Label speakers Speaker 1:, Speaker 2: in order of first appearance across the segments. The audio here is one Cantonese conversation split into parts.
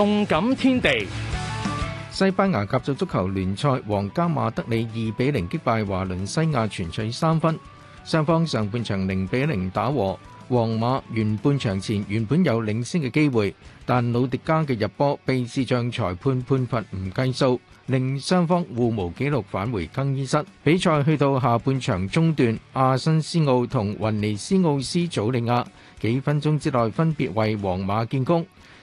Speaker 1: 動感天地，西班牙甲組足球聯賽皇家馬德里二比零擊敗華倫西亞，全取三分。雙方上半場零比零打和，皇馬完半場前原本有領先嘅機會，但魯迪加嘅入波被視像裁判判罰唔計數，令雙方互無紀錄返回更衣室。比賽去到下半場中段，阿申斯奧同雲尼斯奧斯祖利亞幾分鐘之內分別為皇馬建功。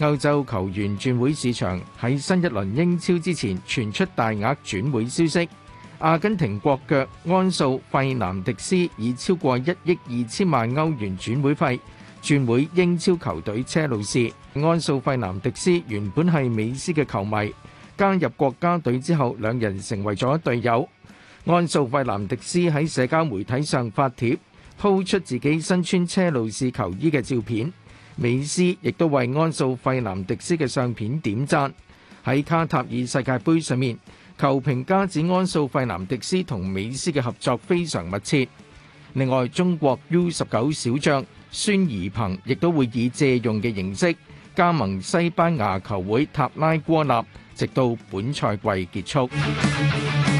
Speaker 1: 歐洲球員轉會市場喺新一輪英超之前傳出大額轉會消息，阿根廷國腳安素費南迪斯以超過一億二千萬歐元轉會費轉會英超球隊車路士。安素費南迪斯原本係美斯嘅球迷，加入國家隊之後，兩人成為咗隊友。安素費南迪斯喺社交媒體上發帖，鋪出自己身穿車路士球衣嘅照片。美斯亦都為安素費南迪斯嘅相片點讚。喺卡塔爾世界盃上面，球評家指安素費南迪斯同美斯嘅合作非常密切。另外，中國 U 十九小將孫怡鵬亦都會以借用嘅形式加盟西班牙球會塔拉戈納，直到本賽季結束。